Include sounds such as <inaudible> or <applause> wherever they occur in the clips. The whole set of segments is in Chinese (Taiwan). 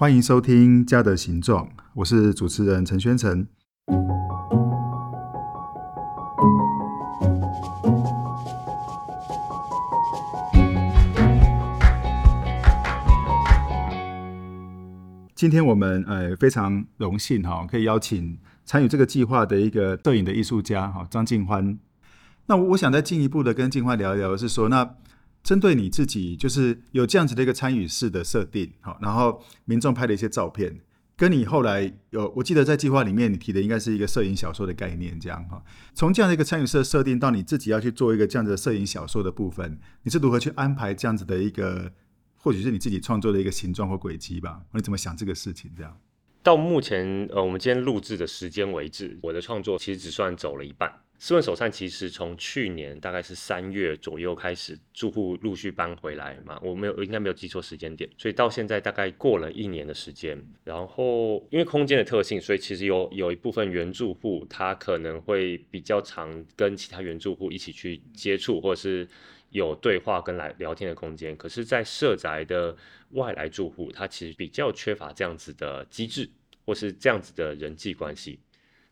歡迎收聽《家的形狀》，我是主持人陳宣誠。今天我們呃非常榮幸哈，可以邀請參與這個計劃的一個攝影的藝術家哈張靖驩。那我我想再進一步的跟靖驩聊一聊，是說那。針對你自己，就是有這樣子的一個參與式的設定，好，然後民眾拍的一些照片，跟你後來有，我記得在計劃裡面你提的應該是一個攝影小說的概念，這樣哈。從這樣的一個參與式的設定到你自己要去做一個這樣子的攝影小說的部分，你是如何去安排這樣子的一個，或許是你自己創作的一個形狀或軌跡吧？你怎麼想這個事情？這樣，到目前呃，我們今天錄制的時間為止，我的創作其實只算走了一半。斯文首善其實從去年大概是三月左右開始，住戶陸續搬回來嘛，我沒有我應該沒有記錯時間點，所以到現在大概過了一年的時間。然後因為空間的特性，所以其實有有一部分原住戶他可能會比較常跟其他原住戶一起去接觸，或者是有對話跟來聊天的空間。可是，在社宅的外來住戶，他其實比較缺乏這樣子的機制，或是這樣子的人際關係。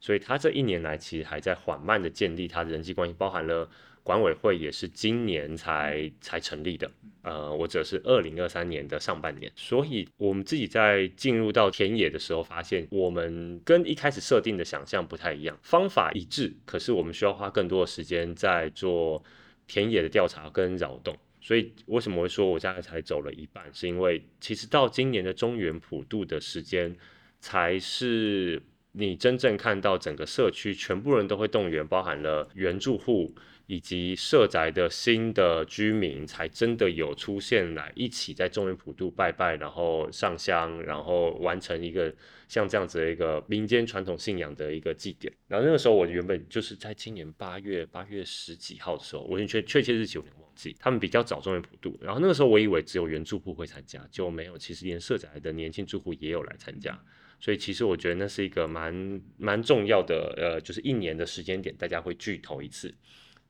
所以他這一年來其實還在緩慢地建立他的人際關係，包含了管委會也是今年才才成立的，呃，或者是二零二三年的上半年。所以我們自己在進入到田野的時候，發現我們跟一開始設定的想象不太一樣，方法一致，可是我們需要花更多的時間在做田野的調查跟擾動。所以為什麼會說我現在才走了一半？是因為其實到今年的中元普渡的時間才是。你真正看到整個社區全部人都會動員，包含了原住戶以及社宅的新的居民，才真的有出現來一起在中元普渡拜拜，然後上香，然後完成一個像這樣子的一個民間傳統信仰的一個祭典。然後那個時候我原本就是在今年八月八月十幾號的時候，我已經確確切日期有點忘記，他們比較早中元普渡。然後那個時候我以為只有原住戶會參加，就沒有，其實連社宅的年輕住戶也有來參加。所以其實我覺得那是一個蠻蠻重要的，呃，就是一年的時間點，大家會聚頭一次。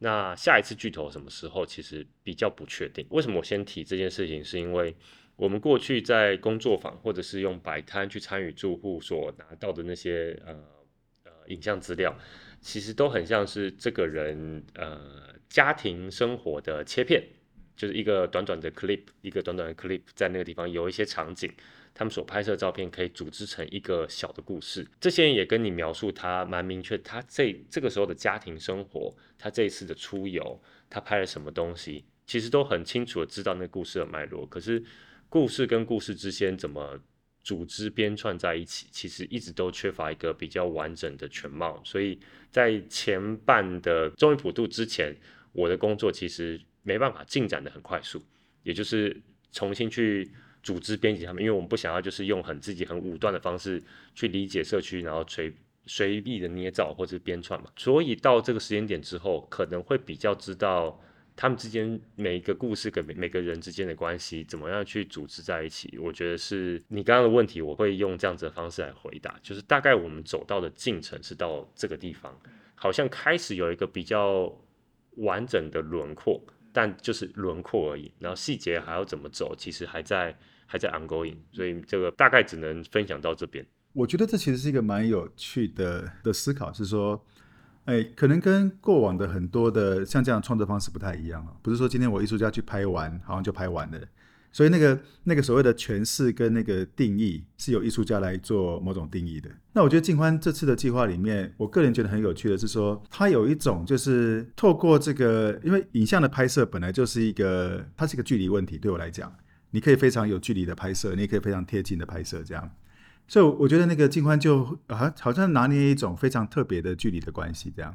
那下一次聚頭什麼時候？其實比較不確定。為什麼我先提這件事情，是因為我們過去在工作坊或者是用擺攤去參與住戶所拿到的那些呃呃影像資料，其實都很像是這個人呃家庭生活的切片，就是一個短短的 clip，一個短短的 clip，在那個地方有一些場景。他們所拍攝照片可以組織成一個小的故事。這些人也跟你描述，他蠻明確，他這這個時候的家庭生活，他這一次的出遊，他拍了什麼東西，其實都很清楚的知道那故事的脈絡。可是，故事跟故事之間怎麼組織編串在一起，其實一直都缺乏一個比較完整的全貌。所以在前半的中元普渡之前，我的工作其實沒辦法進展得很快速，也就是重新去組織編輯他們，因為我們不想要就是用很自己很武斷的方式去理解社區，然後隨隨意的捏造或者編創嘛。所以到這個時間點之後，可能會比較知道他們之間每一個故事跟每，每個人之間的關係怎麼樣去組織在一起。我覺得是你剛剛的問題，我會用這樣子的方式來回答，就是大概我們走到的進程是到這個地方，好像開始有一個比較完整的輪廓。但就是輪廓而已，然後細節還要怎麼走，其實還在還在 ongoing，所以這個大概只能分享到這邊。我覺得這其實是一個蠻有趣的的思考，是說，誒、欸，可能跟過往的很多的像這樣創作方式不太一樣了，不是說今天我藝術家去拍完，好像就拍完了。所以那個那個所謂的詮釋跟那個定義，是由藝術家來做某種定義的。那我覺得靖驩這次的計劃裡面，我個人覺得很有趣的是說，他有一種就是透過這個，因為影像的拍攝本來就是一個，它是一個距離問題。對我來講，你可以非常有距離的拍攝，你也可以非常貼近的拍攝，這樣。所以我覺得那個靖驩就啊，好像拿捏一種非常特別的距離的關係，這樣。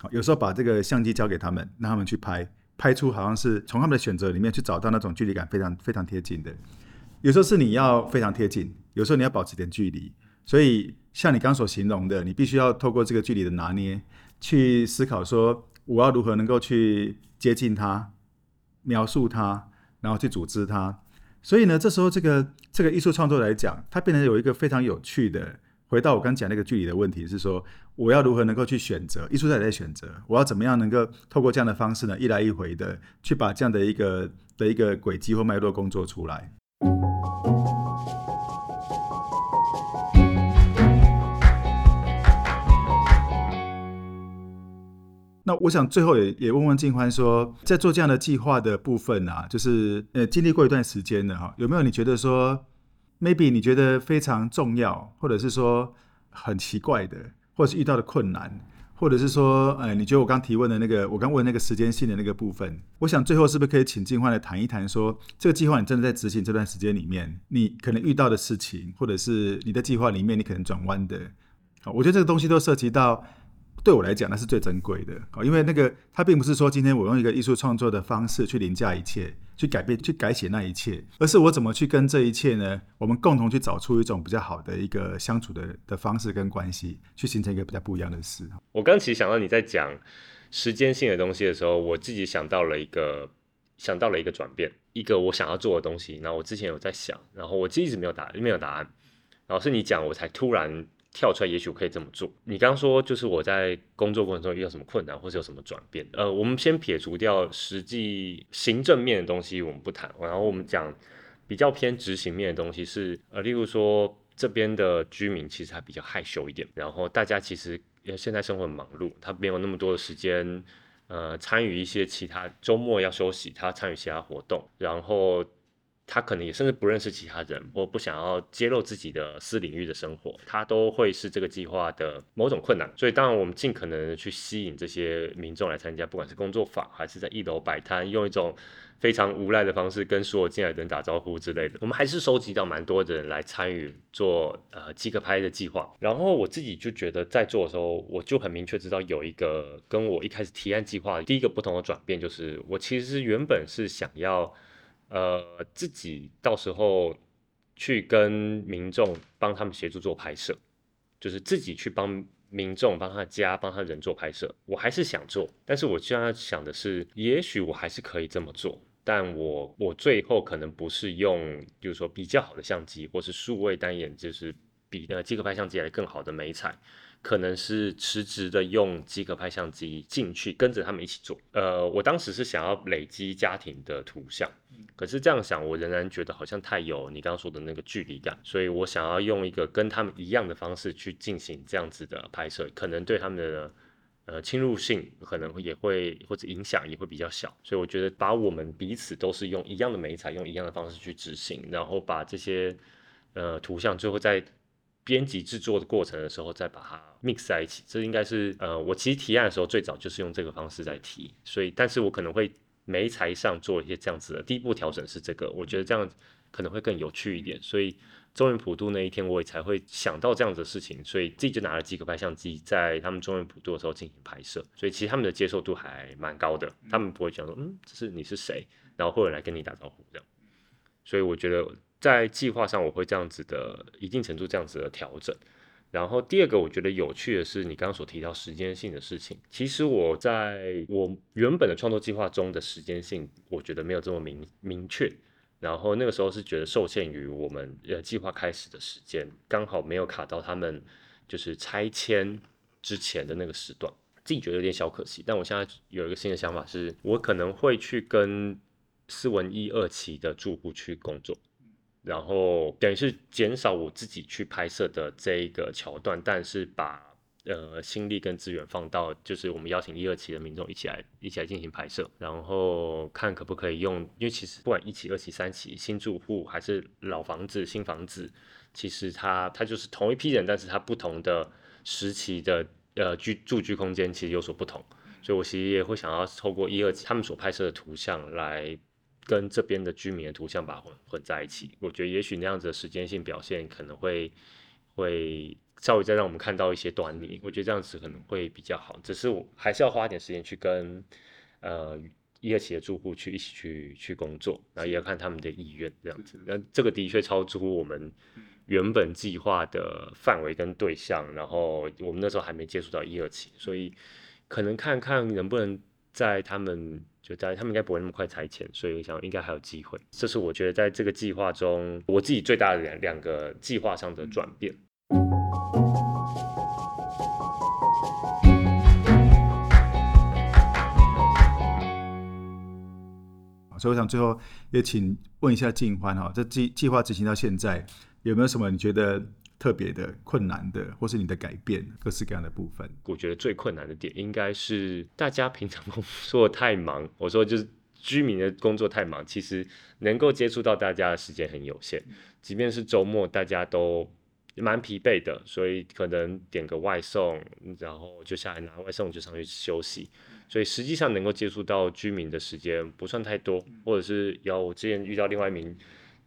好，有時候把這個相機交給他們，讓他們去拍。拍出好像是從他們的選擇裡面去找到那種距離感非常，非常貼近的。有時候是你要非常貼近，有時候你要保持點距離。所以像你剛所形容的，你必須要透過這個距離的拿捏去思考，說我要如何能夠去接近它、描述它、然後去組織它。所以呢，這時候這個這個藝術創作來講，它變成有一個非常有趣的。回到我剛講那個距離的問題是說，我要如何能夠去選擇？藝術家也在選擇。我要怎麼樣能夠透過這樣的方式呢？一來一回的去把這樣的一個的一個軌跡或脈絡工作出來。那我想最後也也問問靖驩說，在做這樣的計劃的部分啊，就是呃經歷過一段時間的哈、哦，有沒有你覺得說？maybe 你覺得非常重要，或者是說很奇怪的，或是遇到的困難，或者是說，呃、哎，你覺得我剛提問的那個，我剛問的那個時間性的那個部分，我想最後是不是可以請靖驩來談一談，說這個計劃你真的在執行這段時間裡面，你可能遇到的事情，或者是你的計劃裡面你可能轉彎的，好，我覺得這個東西都涉及到。對我來講，那是最珍貴的。因為那個，它並不是說今天我用一個藝術創作的方式去凌駕一切，去改變、去改寫那一切，而是我怎麼去跟這一切呢？我們共同去找出一種比較好的一個相處的的方式跟關係，去形成一個比較不一樣的事。我剛其實想到你在講時間性的東西的時候，我自己想到了一個，想到了一個轉變，一個我想要做的東西。那我之前有在想，然後我其實一直沒有答，沒有答案，然後是你講，我才突然。跳出來，也許我可以這麼做。你剛剛說，就是我在工作過程中遇到什麼困難，或者有什麼轉變。呃，我們先撇除掉實際行政面的東西，我們不談。然後我們講比較偏執行面的東西是，是呃，例如說這邊的居民其實他比較害羞一點，然後大家其實現在生活很忙碌，他沒有那麼多的時間，呃，參與一些其他周末要休息，他參與其他活動，然後。他可能也甚至不認識其他人，或不想要揭露自己的私領域的生活，他都會是這個計劃的某種困難。所以，當然我們盡可能去吸引這些民眾來參加，不管是工作坊還是在一樓擺攤，用一種非常無賴的方式跟所有進來的人打招呼之類的，我們還是收集到蠻多的人來參與做呃即可拍的計劃。然後我自己就覺得在做的時候，我就很明確知道有一個跟我一開始提案計劃第一個不同的轉變，就是我其實原本是想要。呃，自己到時候去跟民眾幫他們協助做拍攝，就是自己去幫民眾、幫他家，幫他人做拍攝。我還是想做，但是我現在想的是，也許我還是可以這麼做，但我我最後可能不是用，比如說比較好的相機，或是數位單眼，就是比那個即可拍相機來更好的媒材。可能是辭職的，用即可拍相機進去，跟着他們一起做。呃，我當時是想要累積家庭的圖像，嗯、可是這樣想，我仍然覺得好像太有你剛剛說的那個距離感，所以我想要用一個跟他們一樣的方式去進行這樣子的拍攝，可能對他們的呃侵入性，可能也會或者影響也會比較小，所以我覺得把我們彼此都是用一樣的媒材，用一樣的方式去執行，然後把這些呃圖像最後再。編輯製作的過程的時候，再把它 mix 在一起，這應該是呃，我其實提案的時候最早就是用這個方式在提，所以但是我可能會沒台上做一些這樣子的第一步調整是這個，我覺得這樣可能會更有趣一點，所以中元普渡那一天我也才會想到這樣子的事情，所以自己就拿了即可拍相機在他們中元普渡的時候進行拍攝，所以其實他們的接受度還蠻高的，他們不會講說，嗯，這是你是誰，然後會有人來跟你打招呼這樣，所以我覺得。在計劃上，我會這樣子的，一定程度這樣子的調整。然後第二個，我覺得有趣的是，你剛剛所提到時間性的事情。其實我在我原本的創作計劃中的時間性，我覺得沒有這麼明明確。然後那個時候是覺得受限於我們的計劃開始的時間，剛好沒有卡到他們就是拆遷之前的那個時段，自己覺得有點小可惜。但我現在有一個新的想法是，是我可能會去跟斯文一二期的住戶去工作，然後等於是減少我自己去拍攝的這一個橋段，但是把呃心力跟資源放到就是我們邀請一二期的民眾一起來一起來進行拍攝，然後看可不可以用，因為其實不管一期、二期、三期，新住戶還是老房子、新房子，其實它它就是同一批人，但是它不同的時期的呃居住居空間其實有所不同，所以我其實也會想要透過一二期他們所拍攝的圖像來。跟這邊的居民的圖像，把它混混在一起，我覺得也許那樣子的時間性表現可能會會稍微再讓我們看到一些端倪。我覺得這樣子可能會比較好，只是我還是要花一點時間去跟呃一二期的住戶去一起去去工作，然後也要看他們的意願這樣子。那這個的確超出我們原本計劃的範圍跟對象，然後我們那時候還沒接觸到一二期，所以可能看看能不能在他們。他們應該不會那麼快拆遷，所以我想應該還有機會。這是我覺得在這個計劃中，我自己最大的兩兩個計劃上的轉變，嗯。所以我想最後也請問一下靜歡哈，在、哦、計計劃執行到現在，有沒有什麼你覺得？特別的困難的，或是你的改變，各式各樣的部分，我覺得最困難的點應該是大家平常工作太忙。我說就是居民的工作太忙，其實能夠接觸到大家的時間很有限。即便是周末，大家都蠻疲憊的，所以可能點個外送，然後就下來拿外送，就上去休息。所以實際上能夠接觸到居民的時間不算太多，或者是有我之前遇到另外一名。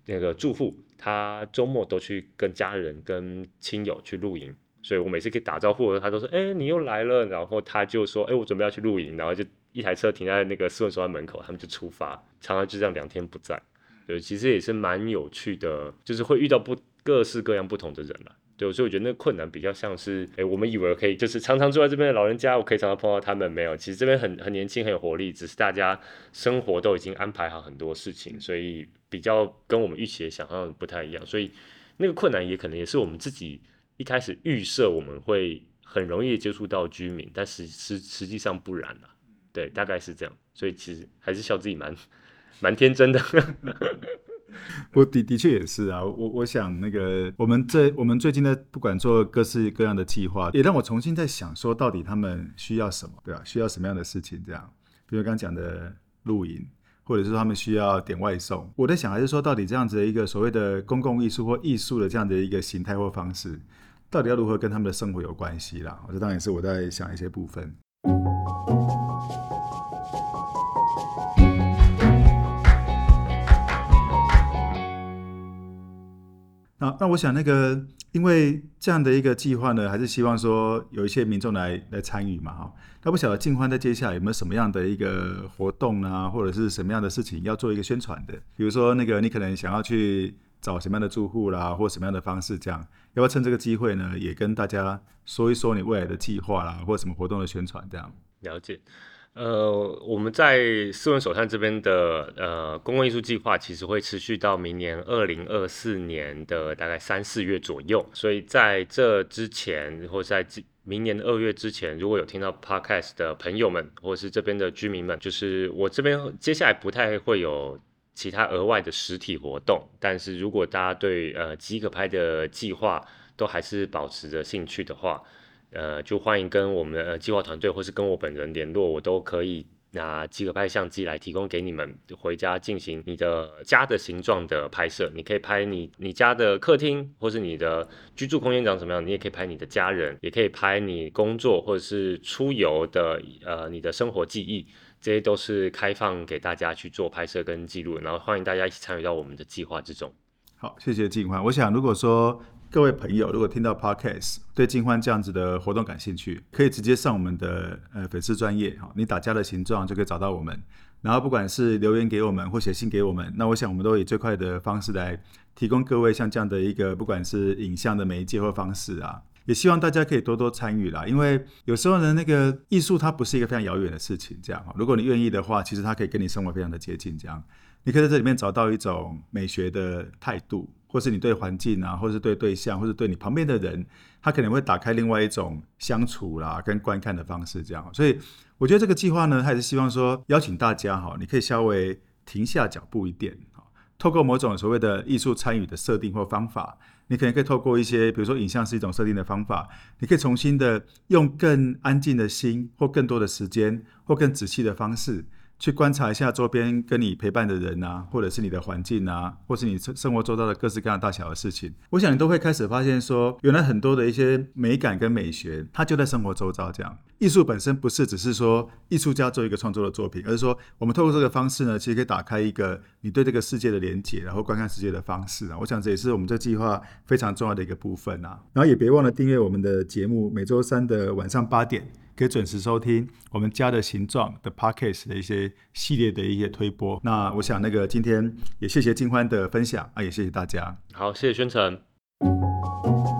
那個住戶，他周末都去跟家人、跟親友去露營，所以我每次可以打招呼的時候，他都說：“哎、欸，你又來了。”然後他就說：“哎、欸，我準備要去露營。”然後就一台車停在那個私人門口，他們就出發，常常就這樣兩天不在。對，其實也是蠻有趣的，就是會遇到不各式各樣不同的人了。對，所以我覺得那個困難比較像是，哎、欸，我們以為可以，就是常常住在這邊的老人家，我可以常常碰到他們，沒有，其實這邊很很年輕，很有活力，只是大家生活都已經安排好很多事情，所以。比較跟我們預期的想象不太一樣，所以那個困難也可能也是我們自己一開始預設我們會很容易接觸到居民，但實實實際上不然啊，對，大概是這樣，所以其實還是笑自己蠻蠻天真的。 <laughs> <laughs> 我的的確也是啊，我我想那個我們這我們最近呢，不管做各式各樣的計劃，也讓我重新在想說，到底他們需要什麼？對吧、啊？需要什麼樣的事情？這樣，比如剛剛講的露營。或者是說他們需要點外送，我在想，還是說到底這樣子的一個所謂的公共藝術或藝術的這樣的一個形態或方式，到底要如何跟他們的生活有關係啦？我當然也是我在想一些部分。啊，那我想那個，因為這樣的一個計劃呢，還是希望說有一些民眾來來參與嘛，哈、哦。那不曉得靖驩在接下來有沒有什麼樣的一個活動啊，或者是什麼樣的事情要做一個宣傳的？比如說那個，你可能想要去找什麼樣的住戶啦，或什麼樣的方式這樣？要不要趁這個機會呢，也跟大家說一說你未來的計劃啦，或什麼活動的宣傳這樣？了解。呃，我們在斯文手創這邊的呃公共藝術計劃其實會持續到明年二零二四年的大概三四月左右，所以在這之前，或在明年的二月之前，如果有聽到 Podcast 的朋友們，或是這邊的居民們，就是我這邊接下來不太會有其他額外的實體活動，但是如果大家對呃即可拍的計劃都還是保持着興趣的話，呃，就歡迎跟我們的計劃團隊，或是跟我本人聯絡，我都可以拿即可拍相機來提供給你們回家進行你的家的形狀的拍攝。你可以拍你你家的客廳，或是你的居住空間長什麼樣，你也可以拍你的家人，也可以拍你工作或者是出遊的呃你的生活記憶，這些都是開放給大家去做拍攝跟記錄。然後歡迎大家一起參與到我們的計劃之中。好，謝謝靖驩。我想如果說。各位朋友，如果聽到 podcast 對靖驩這樣子的活動感興趣，可以直接上我們的呃粉絲專頁哈，你打家的形狀就可以找到我們。然後不管是留言給我們或寫信給我們，那我想我們都以最快的方式來提供各位像這樣的一個不管是影像的媒介或方式啊，也希望大家可以多多參與啦。因為有時候呢，那個藝術它不是一個非常遙遠的事情，這樣哈，如果你願意的話，其實它可以跟你生活非常的接近，這樣你可以在這裡面找到一種美學的態度。或是你對環境啊，或是對對象，或是對你旁邊的人，他可能會打開另外一種相處啦、啊、跟觀看的方式，這樣。所以我覺得這個計劃呢，它還是希望說邀請大家哈，你可以稍微停下腳步一點，透過某種所謂的藝術參與的設定或方法，你可能可以透過一些，比如說影像是一種設定的方法，你可以重新的用更安靜的心，或更多的時間，或更仔細的方式。去觀察一下周邊跟你陪伴的人啊，或者是你的環境啊，或是你生活周遭的各式各樣大小的事情，我想你都會開始發現說，原來很多的一些美感跟美學，它就在生活周遭這樣。藝術本身不是只是說藝術家做一個創作的作品，而是說我們透過這個方式呢，其實可以打開一個你對這個世界的連接，然後觀看世界的方式啊。我想這也是我們這計劃非常重要的一個部分啊。然後也別忘了訂閱我們的節目，每周三的晚上八點。可以準時收聽我們家的形狀的 Podcast 的一些系列的一些推播。那我想那個今天也謝謝靖驩的分享啊，也謝謝大家。好，謝謝宣誠。嗯